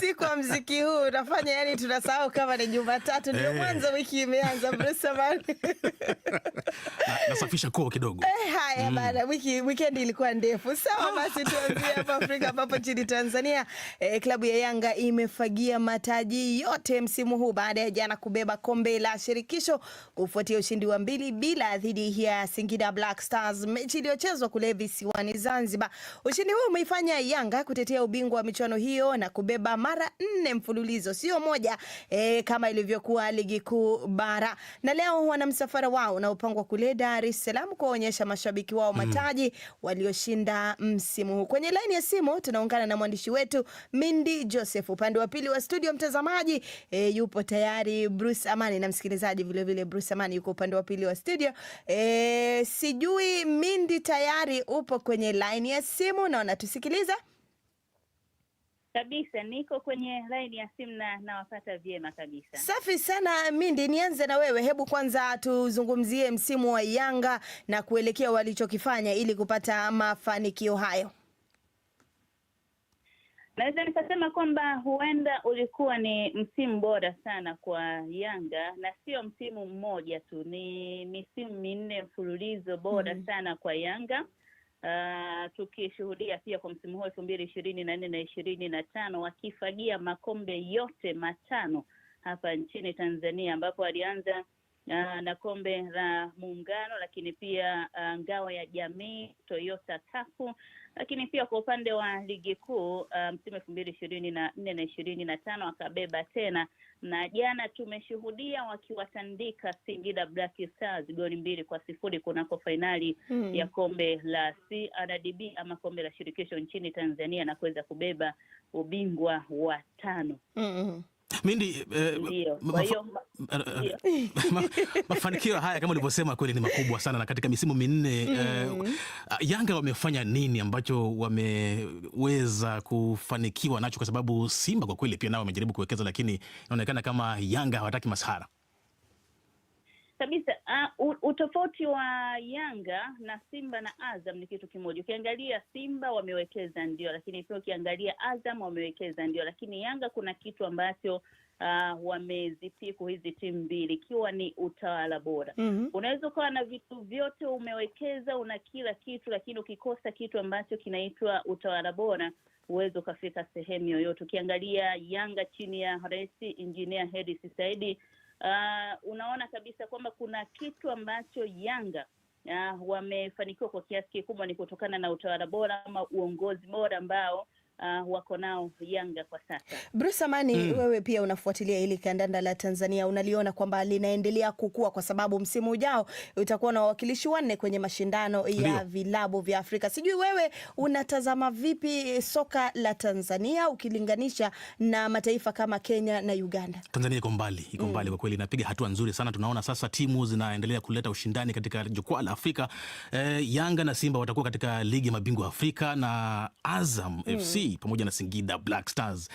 siku ya mziki huu unafanya yani, tunasahau kama ni Jumatatu, ndio eh. mwanzo wiki imeanza. Nasafisha kuo kidogo. Eh, haya mm. bana, wiki wikendi ilikuwa ndefu. Sawa ah. basi, tuanzie hapa Afrika ambapo nchini Tanzania eh, klabu ya Yanga imefagia mataji yote msimu huu baada ya jana kubeba kombe la shirikisho kufuatia ushindi wa mbili bila dhidi ya Singida Black Stars, mechi iliyochezwa kule visiwani Zanzibar. Ushindi huu umeifanya Yanga kutetea ubingwa wa michuano hiyo na kubeba mara nne mfululizo, sio moja e, kama ilivyokuwa ligi kuu bara. Na leo wana msafara wao unaopangwa kule Dar es Salaam kuwaonyesha mashabiki wao mm. mataji mm. walioshinda msimu huu. Kwenye laini ya simu tunaungana na mwandishi wetu Mindi Joseph, upande wa pili wa studio mtazamaji e, yupo tayari Bruce Amani na msikilizaji vile vile Bruce Amani yuko upande wa pili wa studio e, sijui Mindi tayari upo kwenye laini ya simu na unatusikiliza? Kabisa, niko kwenye laini ya simu na nawapata vyema kabisa. Safi sana Mindi, nianze na wewe. Hebu kwanza tuzungumzie msimu wa Yanga na kuelekea walichokifanya ili kupata mafanikio hayo. Naweza nikasema kwamba huenda ulikuwa ni msimu bora sana kwa Yanga na sio msimu mmoja tu, ni misimu minne mfululizo bora mm -hmm. sana kwa Yanga uh, tukishuhudia pia kwa msimu huu elfu mbili ishirini na nne na ishirini na tano wakifagia makombe yote matano hapa nchini Tanzania ambapo alianza uh, na kombe la Muungano, lakini pia uh, ngao ya jamii Toyota kafu lakini pia kwa upande wa ligi kuu ah, msimu um, elfu mbili ishirini na nne na ishirini na tano akabeba tena, na jana tumeshuhudia wakiwatandika Singida Black Stars goli mbili kwa sifuri kunako fainali hmm, ya kombe la CRDB ama kombe la shirikisho nchini Tanzania na kuweza kubeba ubingwa wa tano. Mm Mindi, eh, eh, eh, mafanikio haya kama ulivyosema kweli ni makubwa sana, na katika misimu minne mm. Yanga wamefanya nini ambacho wameweza kufanikiwa nacho? Kwa sababu Simba kwa kweli pia nao wamejaribu kuwekeza, lakini inaonekana kama Yanga hawataki masahara kabisa. Uh, utofauti wa Yanga na Simba na Azam ni kitu kimoja. Ukiangalia Simba wamewekeza ndio, lakini pia ukiangalia Azam wamewekeza ndio, lakini Yanga kuna kitu ambacho Uh, wamezipiku hizi timu mbili ikiwa ni utawala bora. mm -hmm. Unaweza ukawa na vitu vyote umewekeza, una kila kitu, lakini ukikosa kitu ambacho kinaitwa utawala bora huwezi ukafika sehemu yoyote. Ukiangalia Yanga chini ya Rais Injinia Hersi Said uh, unaona kabisa kwamba kuna kitu ambacho Yanga uh, wamefanikiwa kwa kiasi kikubwa ni kutokana na utawala bora ama uongozi bora ambao uh, wako nao Yanga kwa sasa. Bruce Amani, mm. wewe pia unafuatilia hili kandanda la Tanzania, unaliona kwamba linaendelea kukua kwa sababu msimu ujao utakuwa na wawakilishi wanne kwenye mashindano ya vilabu vya Afrika. Sijui wewe unatazama vipi soka la Tanzania ukilinganisha na mataifa kama Kenya na Uganda? Tanzania iko mbali, iko mm. mbali mm. kwa kweli inapiga hatua nzuri sana. Tunaona sasa timu zinaendelea kuleta ushindani katika jukwaa la Afrika. Eh, Yanga na Simba watakuwa katika ligi ya mabingwa Afrika na Azam mm. FC pamoja na Singida Black Stars,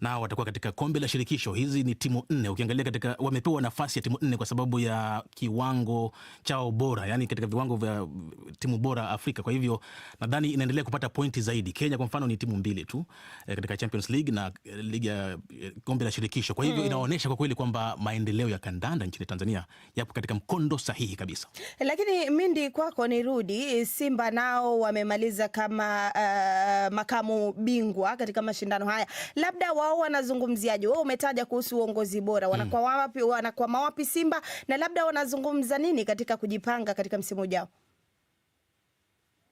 na watakuwa katika kombe la shirikisho. Hizi ni timu nne, ukiangalia katika wamepewa nafasi ya timu nne kwa sababu ya kiwango chao bora, yani katika viwango vya timu bora Afrika. Kwa hivyo nadhani inaendelea kupata pointi zaidi. Kenya kwa mfano ni timu mbili tu eh, katika Champions League na eh, ligi ya eh, kombe la shirikisho. Kwa hivyo mm, inaonyesha kwa kweli kwamba maendeleo ya kandanda nchini Tanzania yapo katika mkondo sahihi kabisa. Lakini Mindi, kwako nirudi. Simba nao wamemaliza kama uh, makamu bingwa mabingwa katika mashindano haya, labda wao wanazungumziaje? Wewe umetaja kuhusu uongozi bora, wanakwama mm. wapi, wanakwama wapi Simba na labda wanazungumza nini katika kujipanga katika msimu ujao?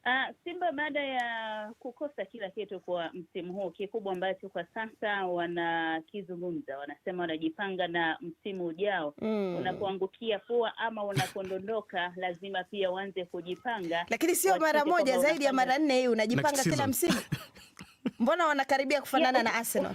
Uh, Simba baada ya kukosa kila kitu kwa msimu huu, kikubwa ambacho kwa sasa wanakizungumza, wanasema wanajipanga na msimu ujao mm. Unapoangukia pua ama unapondondoka, lazima pia uanze kujipanga, lakini sio mara moja, zaidi ya mara nne. Hii unajipanga kila msimu Mbona wanakaribia kufanana yeah, na Arsenal?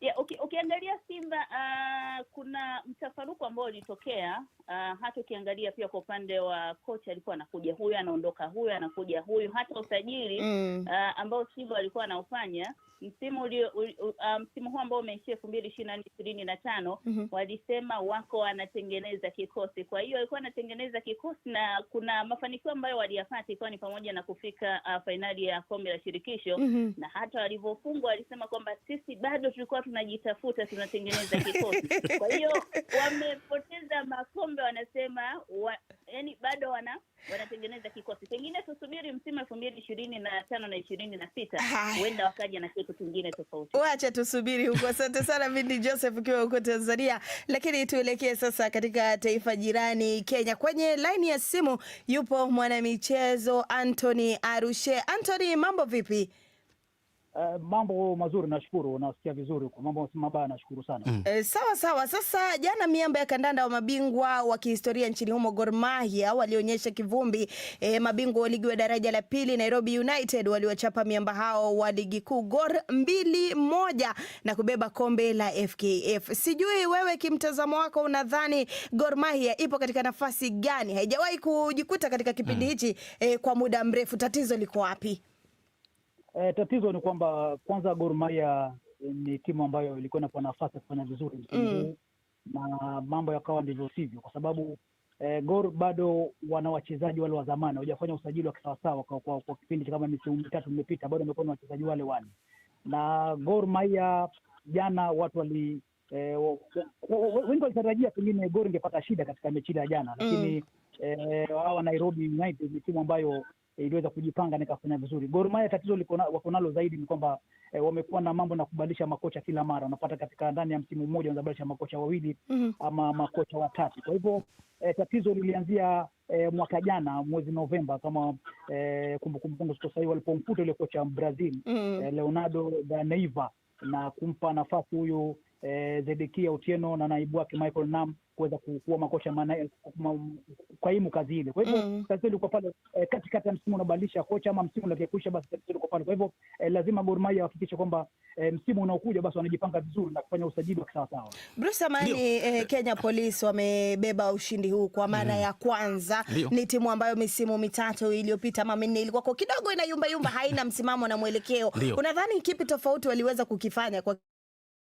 Yeah, okay, Ukiangalia Simba uh, kuna mtafaruku ambao ulitokea uh, hata ukiangalia pia kwa upande wa kocha alikuwa anakuja huyu anaondoka huyu anakuja huyu, hata usajili mm. uh, ambao Simba alikuwa anaofanya msimu uh, msimu huu ambao umeishia elfu mbili ishirini na nne ishirini na tano mm -hmm. walisema wako wanatengeneza kikosi. Kwa hiyo walikuwa anatengeneza kikosi na kuna mafanikio ambayo waliyapata, ikiwa ni pamoja na kufika uh, fainali ya kombe la shirikisho mm -hmm. na hata walivyofungwa walisema kwamba sisi bado tulikuwa tunajitafuta mafuta tunatengeneza kikosi. Kwa hiyo wamepoteza makombe, wanasema wa, yani bado wana wanatengeneza kikosi. Pengine tusubiri msimu elfu mbili ishirini na tano na ishirini na sita huenda wakaja na kitu kingine tofauti. Wacha tusubiri huko. Asante sana Bindi Joseph ukiwa huko Tanzania, lakini tuelekee sasa katika taifa jirani Kenya. Kwenye laini ya simu yupo mwanamichezo Anthony Arushe. Anthony, mambo vipi? Uh, mambo mazuri, nashukuru. Nasikia vizuri huko, mambo mabaya, nashukuru sana mm. E, sawa sawa. Sasa jana miamba ya kandanda wa mabingwa wa kihistoria nchini humo Gor Mahia walionyesha kivumbi. E, mabingwa wa ligi wa daraja la pili Nairobi United waliwachapa miamba hao wa ligi kuu Gor mbili moja na kubeba kombe la FKF. Sijui wewe kimtazamo wako unadhani Gor Mahia ipo katika nafasi gani? Haijawahi kujikuta katika kipindi mm. hichi mm. E, kwa muda mrefu, tatizo liko wapi? E, tatizo ni kwamba kwanza Gor Mahia eh, ni timu ambayo ilikuwa inapa nafasi ya kufanya vizuri msimu mm. huu mm. na mambo yakawa ndivyo sivyo, kwa sababu e, Gor bado wana wachezaji wale wa zamani, hawajafanya usajili wa kisawasawa kwa, kwa, kwa kipindi kama misimu mitatu imepita, bado wamekuwa na wachezaji wale wale. Na Gor Mahia jana watu wali wengi walitarajia pengine Gor ingepata shida katika mechi ile ya jana, lakini mm. e, hawa Nairobi United ni timu ambayo iliweza kujipanga na ikafanya vizuri. Gor Mahia tatizo wako nalo zaidi ni kwamba e, wamekuwa na mambo na kubadilisha makocha kila mara, unapata katika ndani ya msimu mmoja wanabadilisha makocha wawili mm -hmm. ama makocha watatu. Kwa hivyo e, tatizo lilianzia e, mwaka jana mwezi Novemba, kama e, kumbukumbu yangu siko sahihi, walipomfuta ule kocha Brazil mm -hmm. e, Leonardo da Neiva na kumpa nafasi huyu eh, Zedekia Otieno na naibu wake Michael Nam kuweza kuwa makocha kaimu kazi ile. Kwa hivyo mm. tatizo ilikuwa pale eh, katikati ya msimu unabadilisha kocha ama msimu unaelekea kuisha, basi tatizo ilikuwa pale. Kwa hivyo eh, lazima Gor Mahia wahakikishe kwamba eh, msimu unaokuja basi wanajipanga vizuri na kufanya usajili wa kisawasawa. Bruce Amani, eh, Kenya Police wamebeba ushindi huu kwa mara mm. ya kwanza. Dio. Ni timu ambayo misimu mitatu iliyopita ama minne ilikuwa kwa kidogo inayumbayumba, haina msimamo na mwelekeo. Unadhani kipi tofauti waliweza kukifanya kwa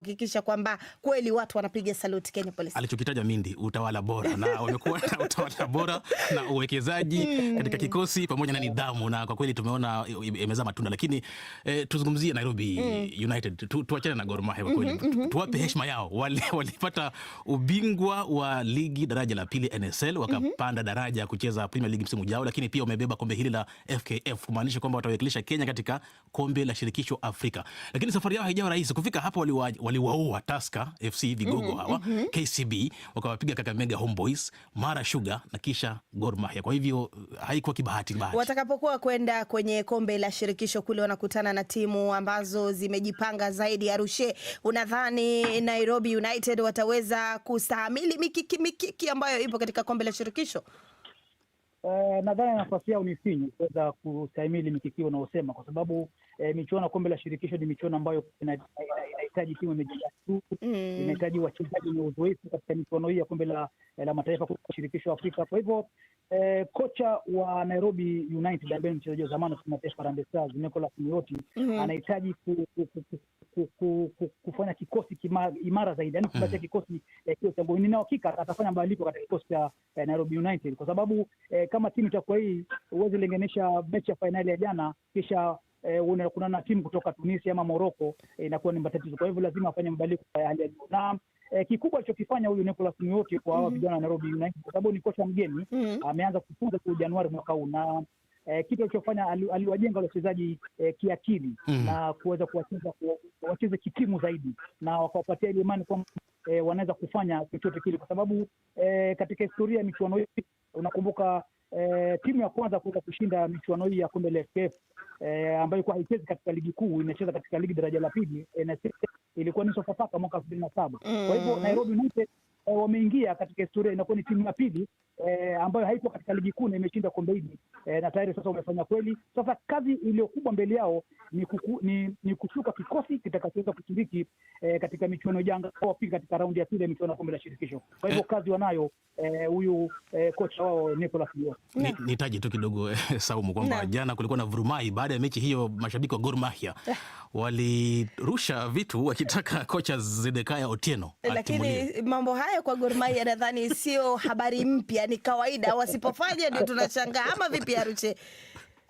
kuhakikisha kwamba kweli watu wanapiga saluti Kenya Police. Alichokitaja Mindi, utawala bora na wamekuwa na utawala bora na uwekezaji mm. katika kikosi pamoja na nidhamu, na kwa kweli tumeona imezaa matunda, lakini eh, tuzungumzie Nairobi mm. United tu, tuachane na Gor Mahia kwa mhm, kweli mm -hmm. tuwape mhm. heshima yao, walipata wali ubingwa wa ligi daraja la pili NSL wakapanda mm -hmm. daraja kucheza Premier League msimu ujao, lakini pia wamebeba kombe hili la FKF kumaanisha kwamba watawakilisha Kenya katika kombe la shirikisho Afrika, lakini safari yao haijawa rahisi kufika hapo wali waliwaua Taska FC vigogo mm-hmm, hawa mm -hmm. KCB wakawapiga Kakamega Homeboys, Mara Sugar na kisha Gor Mahia. Kwa hivyo uh, haikuwa kibahati bahati. Watakapokuwa kwenda kwenye kombe la shirikisho kule wanakutana na timu ambazo zimejipanga zaidi. Arushe, unadhani Nairobi United wataweza kustahimili mikiki mikiki ambayo ipo katika kombe la shirikisho? Uh, nadhani nafasi yao ni finyu kuweza kustahimili mikikio unaosema kwa sababu eh, michuano ya kombe la shirikisho ni michuano ambayo inahitaji timu imejiatu mm. inahitaji wachezaji wenye uzoefu katika michuano hii ya kombe la, eh, la mataifa kwa shirikisho la Afrika. Kwa hivyo eh, kocha wa Nairobi United ambaye ni mchezaji wa zamani wa mataifa ya Harambee Stars Nicolas Muyoti mm mm-hmm. anahitaji ku, ku, ku, ku, kufanya kikosi kima, imara zaidi, yani kupatia mm-hmm. kikosi eh, kio cha nina hakika atafanya mabadiliko katika kikosi cha eh, Nairobi United kwa sababu eh, kama timu itakuwa hii huwezi linganisha mechi ya fainali ya jana kisha eh, kuna na timu kutoka Tunisia ama Morocco eh, inakuwa eh, ni matatizo. Kwa hivyo lazima afanye mabadiliko ya hali ya juu na eh, kikubwa alichokifanya huyu Nicolas Nioti kwa hawa mm. vijana wa Nairobi United kwa sababu ni kocha mgeni mm -hmm. ameanza kufunza kwa Januari mwaka huu na eh, kitu alichofanya aliwajenga ali wachezaji eh, kiakili mm -hmm. na kuweza kuwacheza wacheze kitimu zaidi na wakawapatia ile imani kwamba eh, wanaweza kufanya chochote kile kwa sababu eh, katika historia ya michuano hii unakumbuka eh, timu ya kwanza kuweza kushinda michuano hii ya kombe la FKF eh, ambayo ilikuwa haichezi katika ligi kuu, inacheza katika ligi daraja la pili eh, ilikuwa ni Sofapaka mwaka elfu mbili na saba. Mm. Kwa hivyo Nairobi United e, wameingia katika historia, inakuwa ni timu ya pili e, ambayo haiko katika ligi kuu na imeshinda kombe hili e, na tayari sasa wamefanya kweli. Sasa kazi iliyo kubwa mbele yao ni, kuku, ni, ni kushuka kikosi kitakachoweza kushiriki e, katika michuano janga au pili katika raundi ya pili ya michuano ya kombe la shirikisho. Kwa hivyo eh, kazi wanayo huyu eh, eh, kocha wao Nicolas Pio. Nitaje tu kidogo Saumu kwamba jana kulikuwa na vurumai baada ya mechi hiyo, mashabiki wa Gor Mahia walirusha vitu wakitaka kocha Zedekaya Otieno, lakini mambo haya ambayo kwa Gor Mahia nadhani sio habari mpya, ni kawaida. Wasipofanya ndio tunashangaa, ama vipi Aruche?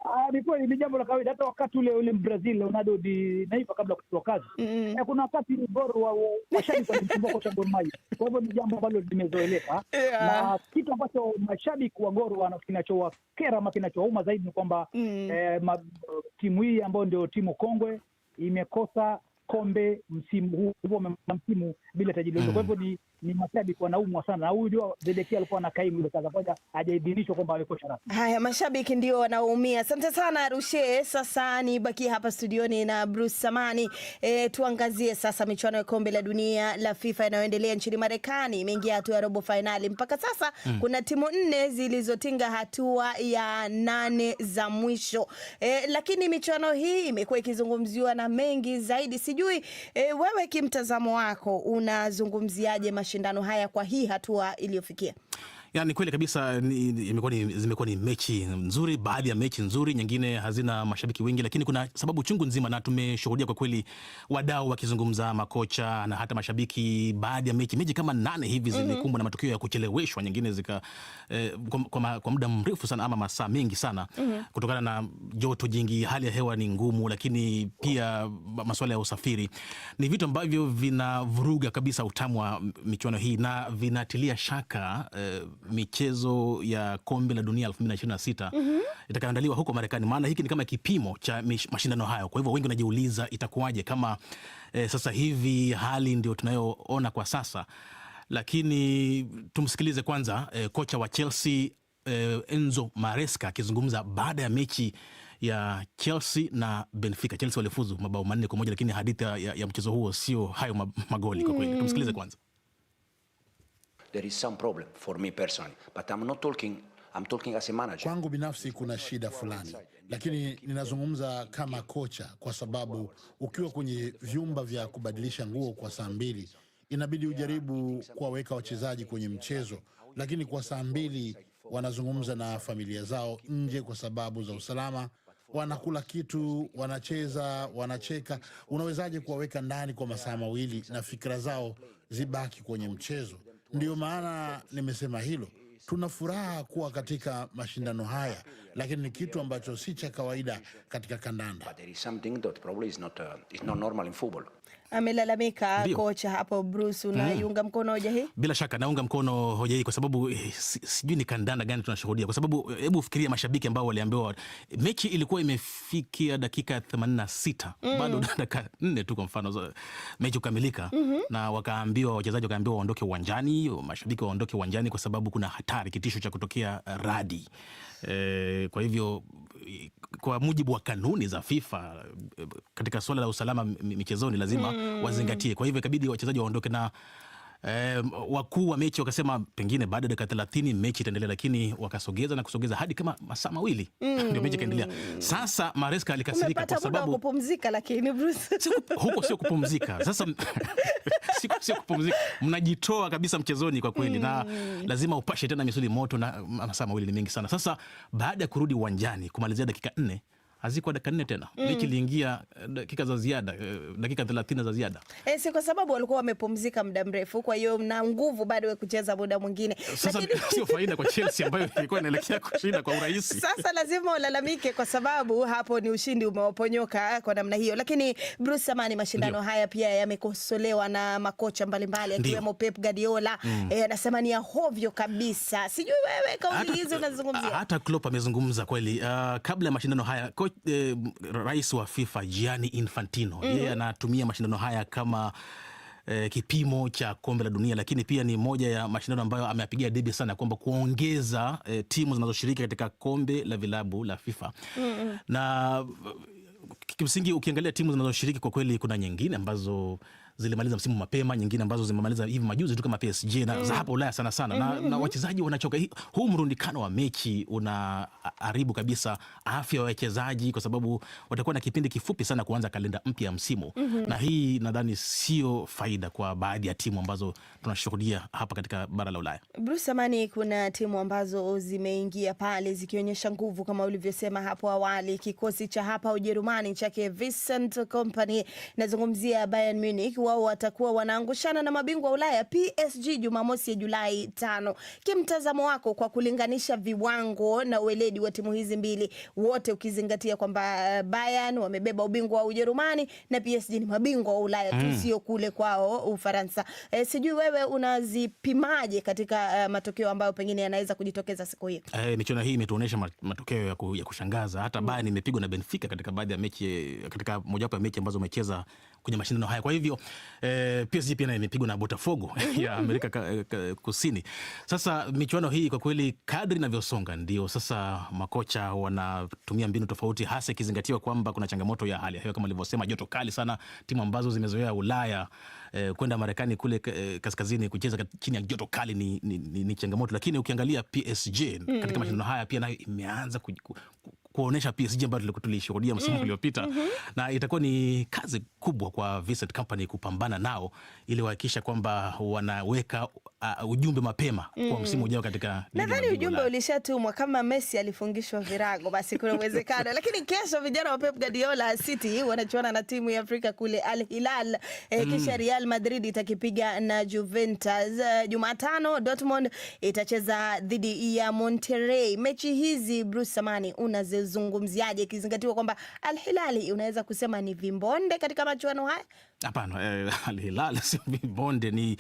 Ah, ni kweli, ni jambo la kawaida. Hata wakati ule ule Brazil Ronaldo di naiva kabla kufutwa kazi mm. Eh, kuna wakati Gor wa mashabiki walimsumbua kocha Gor Mahia, kwa hivyo ni jambo ambalo limezoeleka yeah. Na kitu ambacho mashabiki wa Gor kinachowakera ama kinachowauma zaidi ni kwamba mm. eh, timu hii ambayo ndio timu kongwe imekosa kombe msimu huu, msimu bila tajiri. lolote, kwa hivyo ni ni mashabiki wanaumwa sana, na huyu ndio Zedekia alikuwa na kaimu ile kaza kwanza, hajaidhinishwa kwamba alikosha rasmi. Haya, mashabiki ndio wanaumia. Asante sana Rushe. Sasa ni baki hapa studioni na Bruce Samani. E, tuangazie sasa michuano ya kombe la dunia la FIFA inayoendelea nchini Marekani. Imeingia hatua ya robo finali mpaka sasa mm. kuna timu nne zilizotinga hatua ya nane za mwisho e, lakini michuano hii imekuwa ikizungumziwa na mengi zaidi. Sijui e, wewe kimtazamo wako unazungumziaje mashabiki mashindano haya kwa hii hatua iliyofikia? Yani kweli kabisa imekuwa ni zimekuwa ni mechi nzuri, baadhi ya mechi nzuri, nyingine hazina mashabiki wengi, lakini kuna sababu chungu nzima, na tumeshuhudia kwa kweli wadau wakizungumza, makocha na hata mashabiki. Baadhi ya mechi mechi kama nane hivi mhm. zilikumbwa mm -hmm. na matukio ya kucheleweshwa, nyingine zika eh, kwa, kwa muda mrefu sana ama masaa mengi sana mm -hmm. kutokana na joto jingi, hali ya hewa ni ngumu, lakini pia masuala ya usafiri ni vitu ambavyo vinavuruga kabisa utamu wa michuano hii na vinatilia shaka eh, michezo ya kombe la dunia 2026 mm -hmm. itakayoandaliwa huko Marekani, maana hiki ni kama kipimo cha mashindano hayo. Kwa hivyo wengi wanajiuliza itakuwaje kama eh, sasa hivi hali ndio tunayoona kwa sasa, lakini tumsikilize kwanza eh, kocha wa Chelsea eh, Enzo Maresca akizungumza baada ya mechi ya Chelsea na Benfica. Chelsea walifuzu mabao manne kwa moja, lakini hadithi ya, ya mchezo huo sio hayo magoli kwa kweli. Hmm. Tumsikilize kwanza there is some problem for me personally, but I'm not talking I'm talking as a manager. Kwangu binafsi kuna shida fulani, lakini ninazungumza kama kocha, kwa sababu ukiwa kwenye vyumba vya kubadilisha nguo kwa saa mbili inabidi ujaribu kuwaweka wachezaji kwenye mchezo, lakini kwa saa mbili wanazungumza na familia zao nje kwa sababu za usalama, wanakula kitu, wanacheza, wanacheka. Unawezaje kuwaweka ndani kwa masaa mawili na fikira zao zibaki kwenye mchezo? Ndiyo maana nimesema hilo. Tuna furaha kuwa katika mashindano haya, lakini ni kitu ambacho si cha kawaida katika kandanda amelalamika kocha hapo Bruce, unaiunga mm. mkono hoja hii? Bila shaka naunga mkono hoja hii kwa sababu eh, sijui ni kandanda gani tunashuhudia, kwa sababu eh, hebu fikiria mashabiki ambao waliambiwa mechi ilikuwa imefikia dakika 86 mm. bado dakika 4 tu kwa mfano mechi kukamilika mm -hmm. na wakaambiwa wachezaji wakaambiwa waondoke uwanjani, mashabiki waondoke uwanjani kwa sababu kuna hatari, kitisho cha kutokea radi e, kwa hivyo kwa mujibu wa kanuni za FIFA eh, katika suala la usalama michezoni lazima mm. wazingatie. Kwa hivyo ikabidi wachezaji waondoke na eh, wakuu wa mechi wakasema pengine baada ya dakika 30 mechi itaendelea, lakini wakasogeza na kusogeza hadi kama masaa mawili mm. ndio mechi ikaendelea. Sasa Maresca alikasirika kwa sababu kupumzika, lakini Bruce huko sio kupumzika sasa siku sio kupumzika, mnajitoa kabisa mchezoni kwa kweli mm. na lazima upashe tena misuli moto, na masaa mawili ni mengi sana. Sasa baada ya kurudi uwanjani kumalizia dakika nne hazikuwa dakika nne tena mm. Mechi iliingia eh, dakika za ziada, eh, dakika thelathini za ziada e, si kwa sababu walikuwa wamepumzika muda mrefu, kwa hiyo na nguvu bado ya kucheza muda mwingine. Sasa lakini... sio faida kwa Chelsea ambayo ilikuwa inaelekea kushinda kwa urahisi. Sasa lazima ulalamike kwa sababu hapo ni ushindi umewaponyoka kwa namna hiyo, lakini Bruce Samani, mashindano Ndiyo. haya pia yamekosolewa na makocha mbalimbali akiwemo Pep Guardiola mm. E, anasema ni ahovyo kabisa. Sijui wewe kauli hizi unazungumzia. Hata Klopp amezungumza kweli, uh, kabla ya mashindano haya kocha e, rais wa FIFA Gianni Infantino mhm. yeye mm -hmm. anatumia mashindano haya kama e, kipimo cha kombe la dunia, lakini pia ni moja ya mashindano ambayo ameapigia debe sana kwamba kuongeza e, timu zinazoshiriki katika kombe la vilabu la FIFA mm -hmm. na kimsingi ukiangalia timu zinazoshiriki kwa kweli kuna nyingine ambazo zilimaliza msimu mapema, nyingine ambazo zimemaliza hivi majuzi tu kama PSG na mm. za hapa Ulaya sana sana mm -hmm. na, mm-hmm, na mm-hmm. wachezaji wanachoka. Huu mrundikano wa mechi unaharibu kabisa afya ya wachezaji, kwa sababu watakuwa na kipindi kifupi sana kuanza kalenda mpya ya msimu mm -hmm. na hii nadhani sio faida kwa baadhi ya timu ambazo tunashuhudia hapa katika bara la Ulaya. Bruce Amani, kuna timu ambazo zimeingia pale zikionyesha nguvu kama ulivyosema hapo awali, kikosi cha hapa Ujerumani chake Vincent Company, nazungumzia Bayern Munich wao watakuwa wanaangushana na mabingwa Ulaya PSG Jumamosi ya Julai tano. Kimtazamo wako kwa kulinganisha viwango na ueledi wa timu hizi mbili, wote ukizingatia kwamba eh, Bayern wamebeba ubingwa wa Ujerumani na PSG ni mabingwa wa Ulaya tu, mm. sio kule kwao Ufaransa. E, sijui wewe unazipimaje katika uh, matokeo ambayo pengine yanaweza kujitokeza siku hiyo? Eh, michuano hii imetuonesha matokeo ya, ku, ya kushangaza hata mm. Bayern imepigwa na Benfica katika baadhi ya mechi katika mojawapo ya mechi ambazo umecheza kwenye mashindano haya. Kwa hivyo eh, PSG pia nayo imepigwa na Botafogo ya Amerika ka, eh, ka, Kusini. Sasa michuano hii kwa kweli, kadri inavyosonga ndio sasa makocha wanatumia mbinu tofauti, hasa ikizingatiwa kwamba kuna changamoto ya hali ya hewa kama alivyosema, joto kali sana. Timu ambazo zimezoea Ulaya eh, kwenda Marekani kule eh, kaskazini kucheza chini ya joto kali ni, ni, ni, ni changamoto, lakini ukiangalia PSG mm. katika mashindano haya pia nayo imeanza kuonesha PSG ambayo tulishuhudia msimu mm. uliopita mm -hmm. na itakuwa ni kazi kubwa kwa Vincent Company kupambana nao ili wahakikisha kwamba wanaweka uh, ujumbe mapema mm. kwa msimu ujao katika nadhani ujumbe ulishatumwa kama Messi alifungishwa virago basi kuna uwezekano lakini kesho vijana wa Pep Guardiola City wanachuana na timu ya Afrika kule Al Hilal eh, mm. kisha Real Madrid itakipiga na Juventus eh, Jumatano Dortmund itacheza dhidi ya Monterrey mechi hizi Bruce Samani una zungumziaje ikizingatiwa kwamba Al Hilali unaweza kusema ni vimbonde katika machuano haya Hapana, eh, Al Hilal sio Bonde. Ni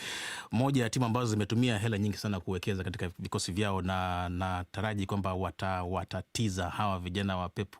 moja ya timu ambazo zimetumia hela nyingi sana kuwekeza katika vikosi vyao, na nataraji kwamba watatiza wata hawa vijana wa Pep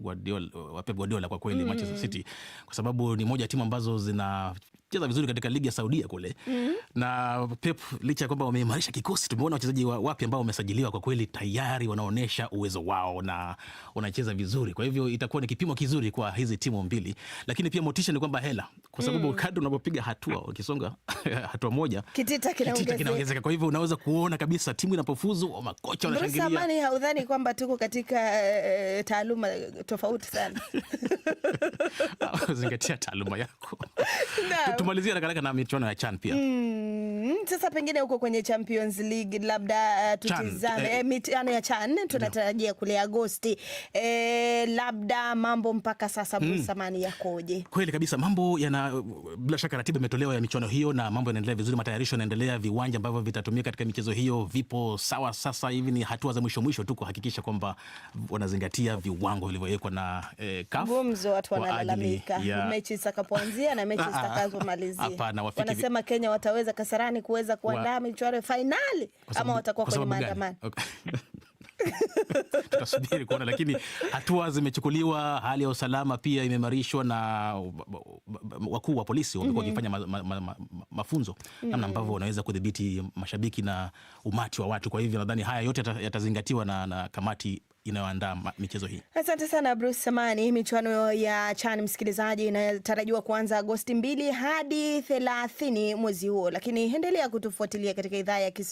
Guardiola kwa kweli, mm. Manchester City kwa sababu ni moja ya timu ambazo zina cheza vizuri katika ligi ya Saudia kule mm -hmm. na Pep licha ya kwamba wameimarisha kikosi, tumeona wachezaji wapya ambao wamesajiliwa kwa kweli tayari wanaonyesha uwezo wao na wanacheza vizuri, kwa hivyo itakuwa ni kipimo kizuri kwa hizi timu mbili, lakini pia motisha ni kwamba hela, kwa sababu mm kadri unavyopiga hatua wakisonga hatua moja kitita kinaongezeka. Kwa hivyo unaweza kuona kabisa timu inapofuzu, makocha wanashangilia. Bruce Amani, haudhani kwamba tuko katika e, taaluma tofauti sana? Zingatia taaluma yako. Tumalizia nakalaka na michuano ya CHAN pia mm sasa pengine huko kwenye Champions League labda eh, tutizame eh, mitano ya CHAN tunatarajia no. kule Agosti eh, labda mambo mpaka sasa mm. Busamani yakoje? Kweli kabisa mambo yana, bila shaka ratiba imetolewa ya michuano hiyo na mambo yanaendelea vizuri, matayarisho yanaendelea, viwanja ambavyo vitatumika katika michezo hiyo vipo sawa. Sasa hivi ni hatua za mwisho mwisho tu kuhakikisha kwamba wanazingatia viwango vilivyowekwa na eh, CAF. Gumzo watu wanalalamika ya... mechi zitakapoanzia na mechi ah, ah, ah. zitakazomalizia, wanasema Kenya wataweza Kasarani ku kuweza kuandaa michuano fainali ama watakuwa kwenye maandamano? Tutasubiri kuona, lakini hatua zimechukuliwa. Hali ya usalama pia imeimarishwa na wakuu wa polisi wamekuwa mhm. wakifanya mm -hmm. ma, ma, ma, mafunzo mm -hmm. namna ambavyo mm. wanaweza kudhibiti mashabiki na umati wa watu. Kwa hivyo nadhani haya yote yatazingatiwa na, na kamati inayoandaa michezo hii. Asante sana Bruce Samani. Michuano ya CHAN msikilizaji, inatarajiwa kuanza Agosti mbili hadi thelathini mwezi huo, lakini endelea kutufuatilia katika idhaa ya